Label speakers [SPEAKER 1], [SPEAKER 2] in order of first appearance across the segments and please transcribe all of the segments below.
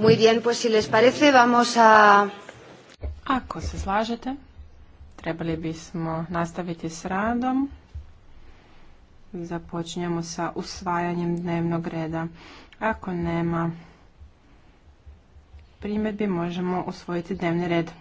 [SPEAKER 1] Muy bien, pues si les parece vamos a... Ako se slažete, trebali bismo nastaviti s radom. Započinjemo sa usvajanjem dnevnog reda. Ako nema primjedbi, možemo usvojiti dnevni red.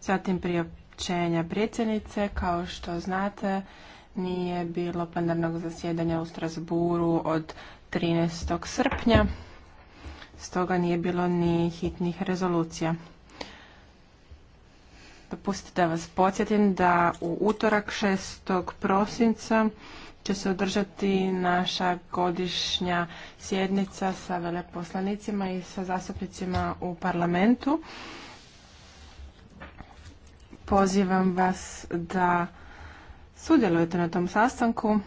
[SPEAKER 1] Zatim priopćenja predsjednice. Kao što znate, nije bilo plenarnog zasjedanja u Strasburu od 13. srpnja stoga nije bilo ni hitnih rezolucija. Dopustite da vas podsjetim da u utorak 6. prosinca će se održati naša godišnja sjednica sa veleposlanicima i sa zastupnicima u parlamentu. Pozivam vas da sudjelujete na tom sastanku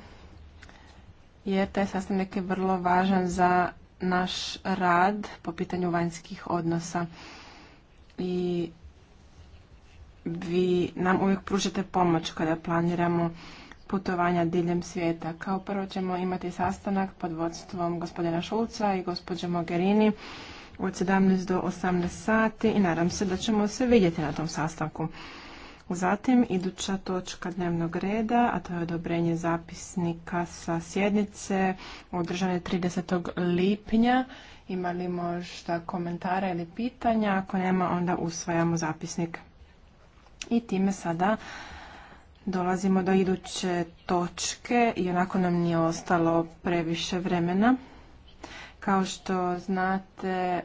[SPEAKER 1] jer taj sastanak je vrlo važan za naš rad po pitanju vanjskih odnosa i vi nam uvijek pružite pomoć kada planiramo putovanja diljem svijeta. Kao prvo ćemo imati sastanak pod vodstvom gospodina Šulca i gospođe Mogherini od 17 do 18 sati i nadam se da ćemo se vidjeti na tom sastanku. Zatim iduća točka dnevnog reda, a to je odobrenje zapisnika sa sjednice održane 30. lipnja. Ima li možda komentara ili pitanja? Ako nema, onda usvajamo zapisnik. I time sada dolazimo do iduće točke i onako nam nije ostalo previše vremena. Kao što znate,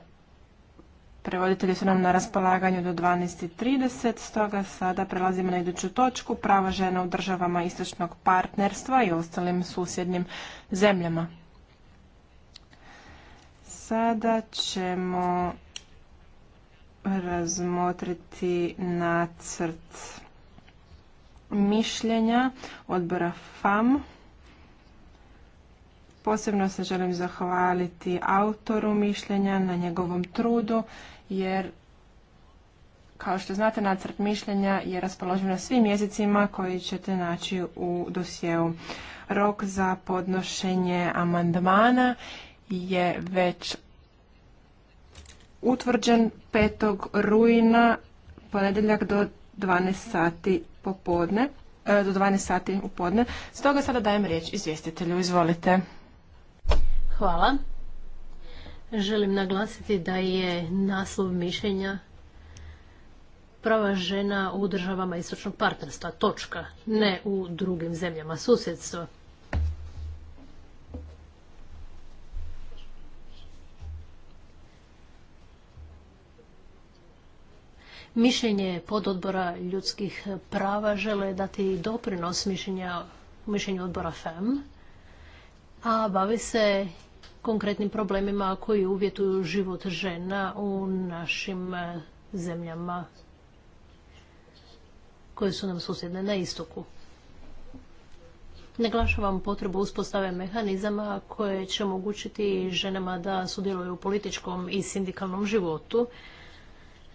[SPEAKER 1] Prevoditelji su nam na raspolaganju do 12.30, stoga sada prelazimo na iduću točku prava žena u državama istočnog partnerstva i ostalim susjednim zemljama. Sada ćemo razmotriti nacrt mišljenja odbora FAM. Posebno se želim zahvaliti autoru mišljenja na njegovom trudu, jer kao što znate, nacrt mišljenja je raspoložen na svim jezicima koji ćete naći u dosjeu. Rok za podnošenje amandmana je već utvrđen 5. rujna ponedjeljak do 12 sati popodne, e, do 12 sati u podne. Stoga sada dajem riječ izvjestitelju. Izvolite. Hvala.
[SPEAKER 2] Želim naglasiti da je naslov mišljenja prava žena u državama istočnog partnerstva, točka, ne u drugim zemljama susjedstva. Mišljenje pododbora ljudskih prava žele dati doprinos mišljenja, mišljenju odbora FEM, a bavi se konkretnim problemima koji uvjetuju život žena u našim e, zemljama koje su nam susjedne na istoku. Naglašavam potrebu uspostave mehanizama koje će omogućiti ženama da sudjeluju u političkom i sindikalnom životu,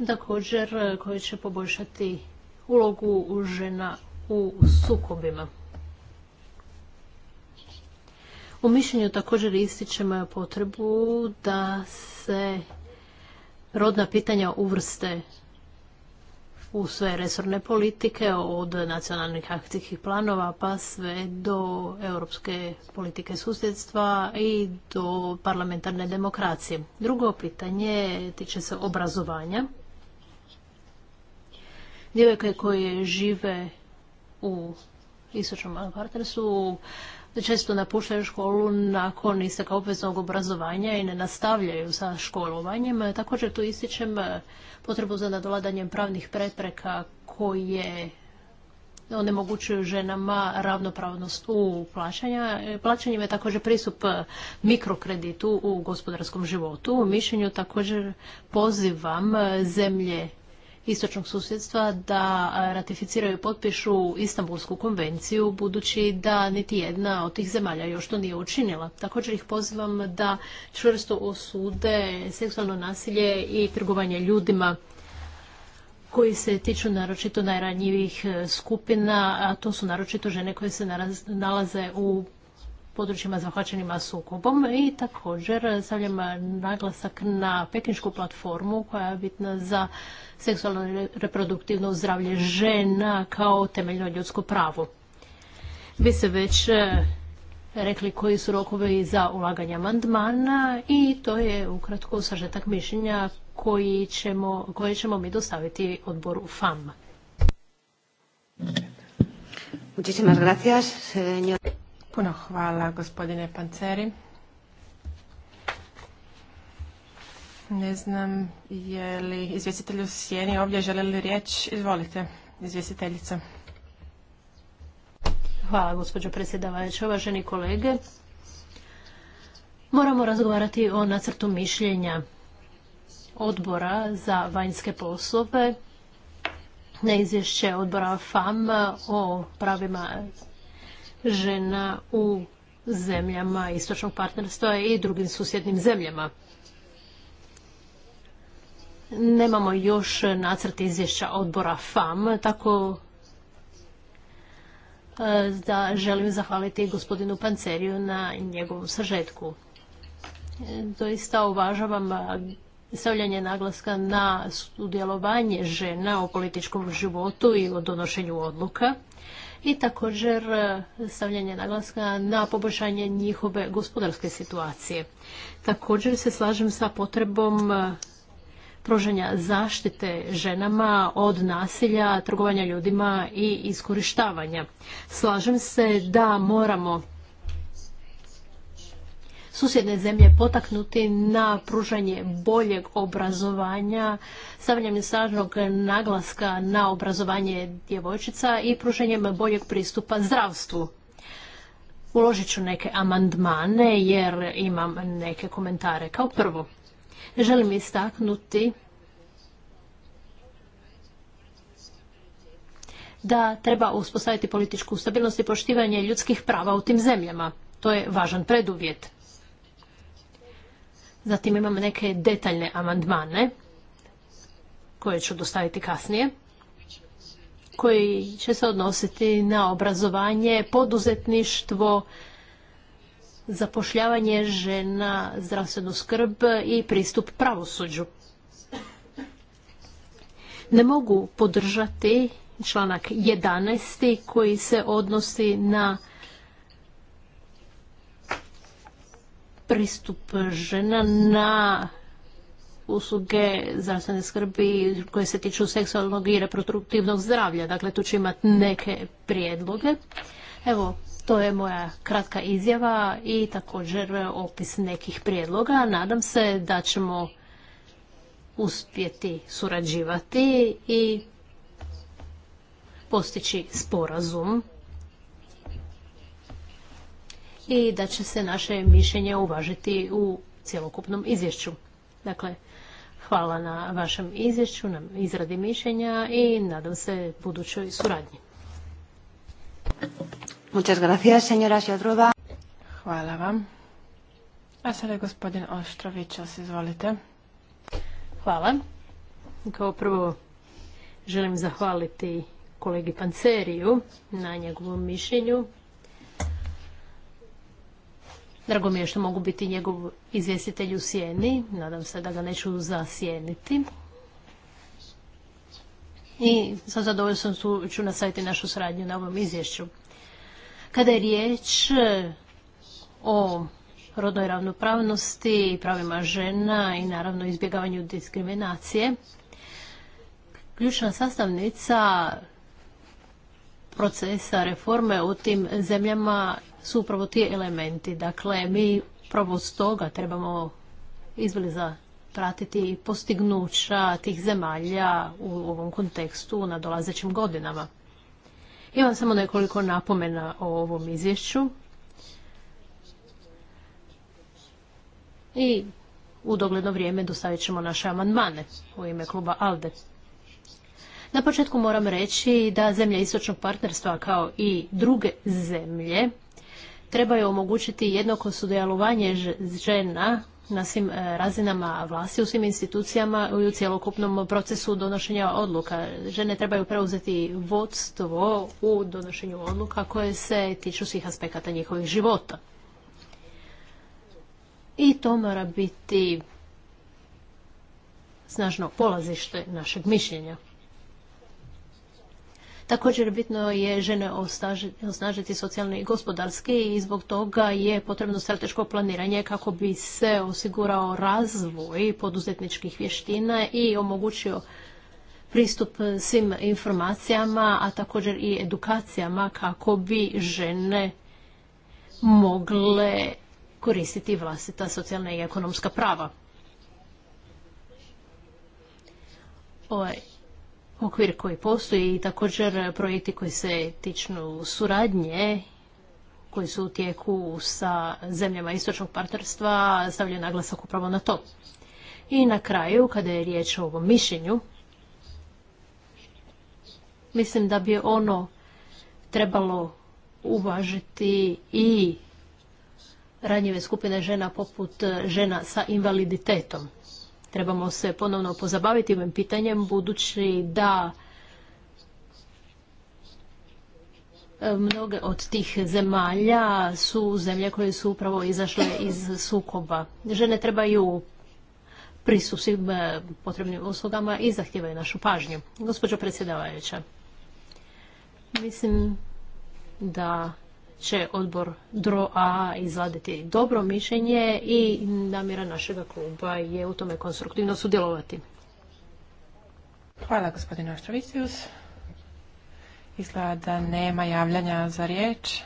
[SPEAKER 2] također e, koje će poboljšati ulogu žena u sukobima. U mišljenju također ističemo eh, potrebu da se rodna pitanja uvrste u sve resorne politike, od nacionalnih akcijskih planova pa sve do europske politike susjedstva i do parlamentarne demokracije. Drugo pitanje tiče se obrazovanja. Djevojke koje žive u istočnom partnerstvu često napuštaju školu nakon isteka obveznog obrazovanja i ne nastavljaju sa školovanjem. Također tu ističem e, potrebu za nadoladanjem pravnih prepreka koje onemogućuju ženama ravnopravnost u plaćanja. E, plaćanjem je također pristup mikrokreditu u gospodarskom životu. U mišljenju također pozivam e, zemlje istočnog susjedstva da ratificiraju i potpišu Istanbulsku konvenciju, budući da niti jedna od tih zemalja još to nije učinila. Također ih pozivam da čvrsto osude seksualno nasilje i trgovanje ljudima koji se tiču naročito najranjivih e, skupina, a to su naročito žene koje se nalaze u područjima zahvaćenima sukobom i također stavljam naglasak na pekinšku platformu koja je bitna za seksualno reproduktivno zdravlje žena kao temeljno ljudsko pravo. Vi se već e, rekli koji su rokovi za ulaganje amandmana i to je ukratko sažetak mišljenja koji ćemo, koje ćemo mi dostaviti odboru
[SPEAKER 1] FAM. Muchísimas gracias, Puno hvala gospodine Panceri. Ne znam je li izvjestitelj u sjeni ovdje želi li riječ. Izvolite, izvjestiteljica. Hvala gospođo
[SPEAKER 2] predsjedavajuća, uvaženi kolege. Moramo razgovarati o nacrtu mišljenja odbora za vanjske poslove na izvješće odbora FAM o pravima žena u zemljama istočnog partnerstva i drugim susjednim zemljama. Nemamo još nacrt izvješća odbora FAM, tako e, da želim zahvaliti gospodinu Panceriju na njegovom sažetku. Doista uvažavam stavljanje naglaska na sudjelovanje žena u političkom životu i o donošenju odluka i također e, stavljanje naglaska na poboljšanje njihove gospodarske situacije. Također se slažem sa potrebom e, pružanja zaštite ženama od nasilja, trgovanja ljudima i iskorištavanja. Slažem se da moramo susjedne zemlje potaknuti na pružanje boljeg obrazovanja, stavljanjem snažnog naglaska na obrazovanje djevojčica i pružanjem boljeg pristupa zdravstvu. Uložit ću neke amandmane jer imam neke komentare. Kao prvo, želim istaknuti da treba uspostaviti političku stabilnost i poštivanje ljudskih prava u tim zemljama. To je važan preduvjet. Zatim imamo neke detaljne amandmane koje ću dostaviti kasnije koji će se odnositi na obrazovanje, poduzetništvo, zapošljavanje žena, zdravstvenu skrb i pristup pravosuđu. Ne mogu podržati članak 11. koji se odnosi na pristup žena na usluge zdravstvene skrbi koje se tiču seksualnog i reproduktivnog zdravlja. Dakle, tu ću imati neke prijedloge. Evo, to je moja kratka izjava i također opis nekih prijedloga. Nadam se da ćemo uspjeti surađivati i postići sporazum i da će se naše mišljenje uvažiti u cjelokupnom izvješću. Dakle, hvala na vašem izvješću, na izradi mišljenja i
[SPEAKER 1] nadam se budućoj suradnji. Muchas gracias, señora Hvala vam. A sada gospodin Oštrović, izvolite. Hvala. Kao prvo
[SPEAKER 2] želim zahvaliti kolegi Panceriju na njegovom mišljenju Drago mi je što mogu biti njegov izvjestitelj u sjeni. Nadam se da ga neću zasjeniti. I sa zadovoljstvom ću nastaviti našu suradnju na ovom izvješću. Kada je riječ eh, o rodnoj ravnopravnosti i pravima žena i naravno izbjegavanju diskriminacije, ključna sastavnica procesa reforme u tim zemljama su upravo ti elementi. Dakle, mi upravo stoga trebamo izbliza pratiti postignuća tih zemalja u ovom kontekstu na dolazećim godinama. Imam samo nekoliko napomena o ovom izvješću. I u dogledno vrijeme dostavit ćemo naše amandmane u ime kluba ALDE. Na početku moram reći da zemlje istočnog partnerstva kao i druge zemlje trebaju omogućiti jednako sudjelovanje žena na svim e, razinama vlasti, u svim institucijama i u cjelokupnom procesu donošenja odluka. Žene trebaju preuzeti vodstvo u donošenju odluka koje se tiču svih aspekata njihovih života. I to mora biti snažno polazište našeg mišljenja. Također bitno je žene osnažiti socijalno i gospodarski i zbog toga je potrebno strateško planiranje kako bi se osigurao razvoj poduzetničkih vještina i omogućio pristup svim informacijama, a također i edukacijama kako bi žene mogle koristiti vlastita socijalna i ekonomska prava. Ovaj okvir koji postoji i također projekti koji se tiču suradnje koji su u tijeku sa zemljama istočnog partnerstva stavljaju naglasak upravo na to. I na kraju, kada je riječ o ovom mišljenju, mislim da bi ono trebalo uvažiti i ranjive skupine žena poput žena sa invaliditetom trebamo se ponovno pozabaviti ovim pitanjem budući da e, mnoge od tih zemalja su zemlje koje su upravo izašle iz sukoba. Žene trebaju prisu e, potrebnim uslugama i zahtijevaju našu pažnju. Gospođo predsjedavajuća, mislim da će odbor DRO-A izvaditi dobro mišljenje i namjera našega kluba
[SPEAKER 1] je u tome konstruktivno sudjelovati. Hvala gospodine Oštrovicius. Izgleda da nema javljanja za riječ.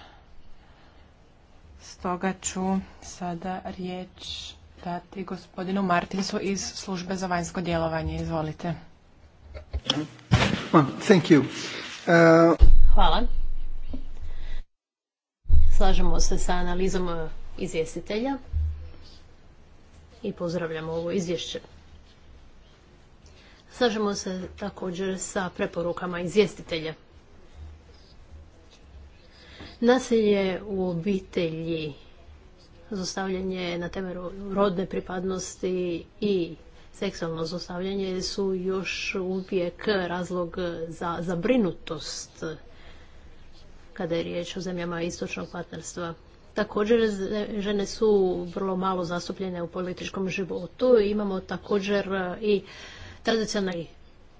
[SPEAKER 1] Stoga ću sada riječ dati gospodinu Martinsu iz službe za vanjsko djelovanje. Izvolite.
[SPEAKER 2] Uh, Hvala. Slažemo se sa analizom e, izvjestitelja i pozdravljamo ovo izvješće. Slažemo se također sa preporukama izvjestitelja. Nasilje u obitelji, zostavljanje na temelju rodne pripadnosti i seksualno zostavljanje su još uvijek razlog za zabrinutost kada je riječ o zemljama istočnog partnerstva. Također, žene su vrlo malo zastupljene u političkom životu. Imamo također e, i tradicionalni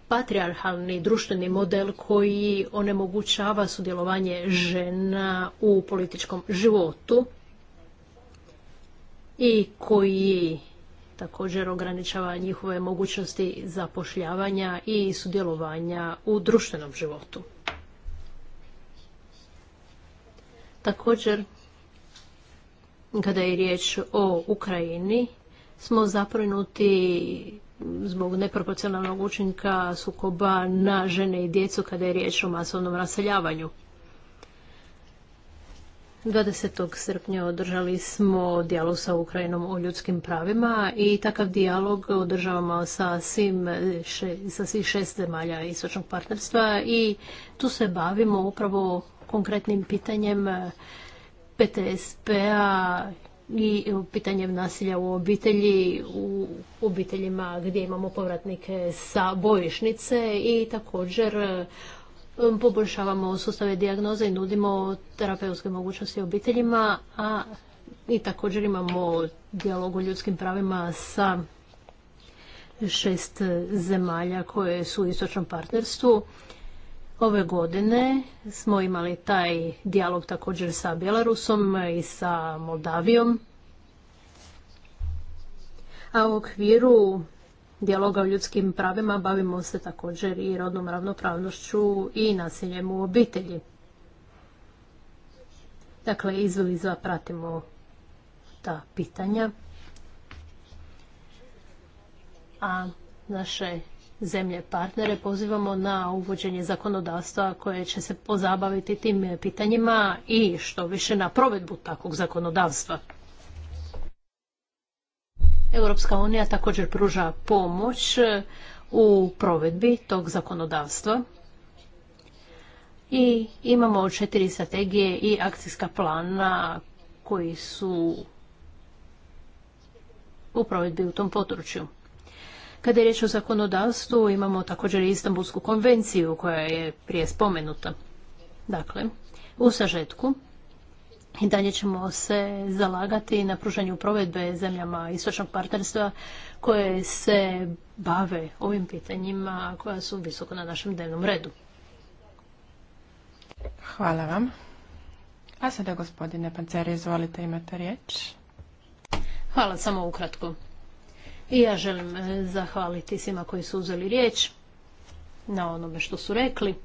[SPEAKER 2] patriarhalni društveni model koji onemogućava sudjelovanje žena u političkom životu i koji također ograničava njihove mogućnosti zapošljavanja i sudjelovanja u društvenom životu. Također, kada je riječ o Ukrajini, smo zaprinuti zbog neproporcionalnog učinka sukoba na žene i djecu kada je riječ o masovnom raseljavanju. 20. srpnja održali smo dijalog sa Ukrajinom o ljudskim pravima i takav dijalog održavamo sa, svim, sa svih šest zemalja istočnog partnerstva i tu se bavimo upravo konkretnim pitanjem e, PTSP-a i pitanjem nasilja u obitelji, u obiteljima gdje imamo povratnike sa bojišnice i također e, poboljšavamo sustave dijagnoze i nudimo terapeutske mogućnosti obiteljima, a i također imamo dijalog o ljudskim pravima sa šest zemalja koje su u istočnom partnerstvu. Ove godine smo imali taj dijalog također sa Bjelarusom i sa Moldavijom. A u okviru dijaloga o ljudskim pravima bavimo se također i rodnom ravnopravnošću i nasiljem u obitelji. Dakle, za pratimo ta pitanja. A naše zemlje partnere pozivamo na uvođenje zakonodavstva koje će se pozabaviti tim pitanjima i što više na provedbu takvog zakonodavstva. Europska unija također pruža pomoć u provedbi tog zakonodavstva i imamo četiri strategije i akcijska plana koji su u provedbi u tom području. Kada je riječ o zakonodavstvu, imamo također i Istanbulsku konvenciju koja je prije spomenuta. Dakle, u sažetku, i dalje ćemo se zalagati na pružanju provedbe zemljama istočnog partnerstva koje se bave ovim pitanjima koja su visoko na našem dnevnom redu.
[SPEAKER 1] Hvala vam. A sada gospodine Panceri, izvolite, imate riječ. Hvala, samo ukratko.
[SPEAKER 2] I ja želim e, zahvaliti svima koji su uzeli riječ na onome što su rekli.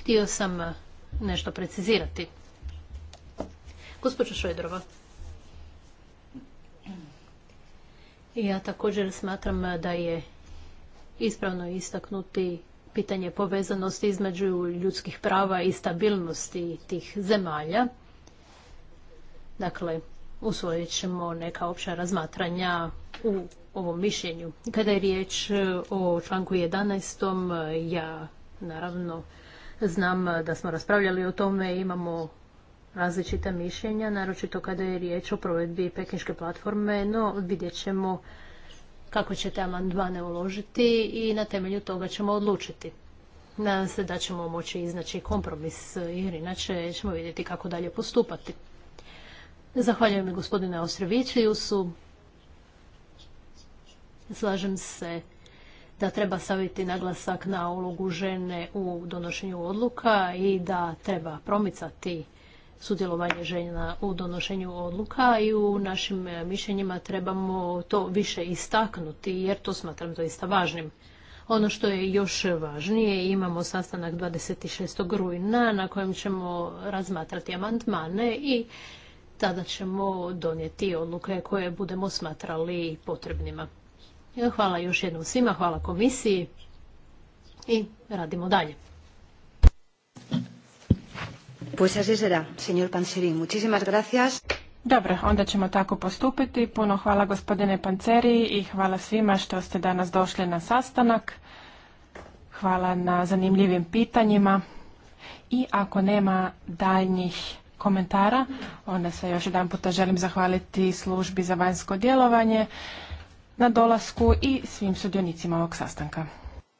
[SPEAKER 2] Htio sam e, nešto precizirati. Gospođo Švedrova, ja također smatram e, da je ispravno istaknuti pitanje povezanosti između ljudskih prava i stabilnosti tih zemalja. Dakle, usvojit ćemo neka opća razmatranja u ovom mišljenju. Kada je riječ e, o članku 11. ja naravno znam da smo raspravljali o tome, imamo različita mišljenja, naročito kada je riječ o provedbi pekinške platforme, no vidjet ćemo kako će te amandmane uložiti i na temelju toga ćemo odlučiti. Nadam se da ćemo moći iznaći kompromis jer inače ćemo vidjeti kako dalje postupati. Zahvaljujem gospodine Ostrovićijusu. Slažem se da treba staviti naglasak na ulogu žene u donošenju odluka i da treba promicati sudjelovanje žena u donošenju odluka i u našim mišljenjima trebamo to više istaknuti jer to smatram doista važnim. Ono što je još važnije, imamo sastanak 26. rujna na kojem ćemo razmatrati amandmane i tada ćemo donijeti odluke koje budemo smatrali potrebnima. Hvala još jednom svima, hvala komisiji i radimo dalje.
[SPEAKER 1] Pues Dobro, onda ćemo tako postupiti. Puno hvala gospodine Panceri i hvala svima što ste danas došli na sastanak. Hvala na zanimljivim pitanjima. I ako nema daljnjih komentara. Onda se još jedan puta želim zahvaliti službi za vanjsko djelovanje na dolasku i svim sudionicima ovog sastanka.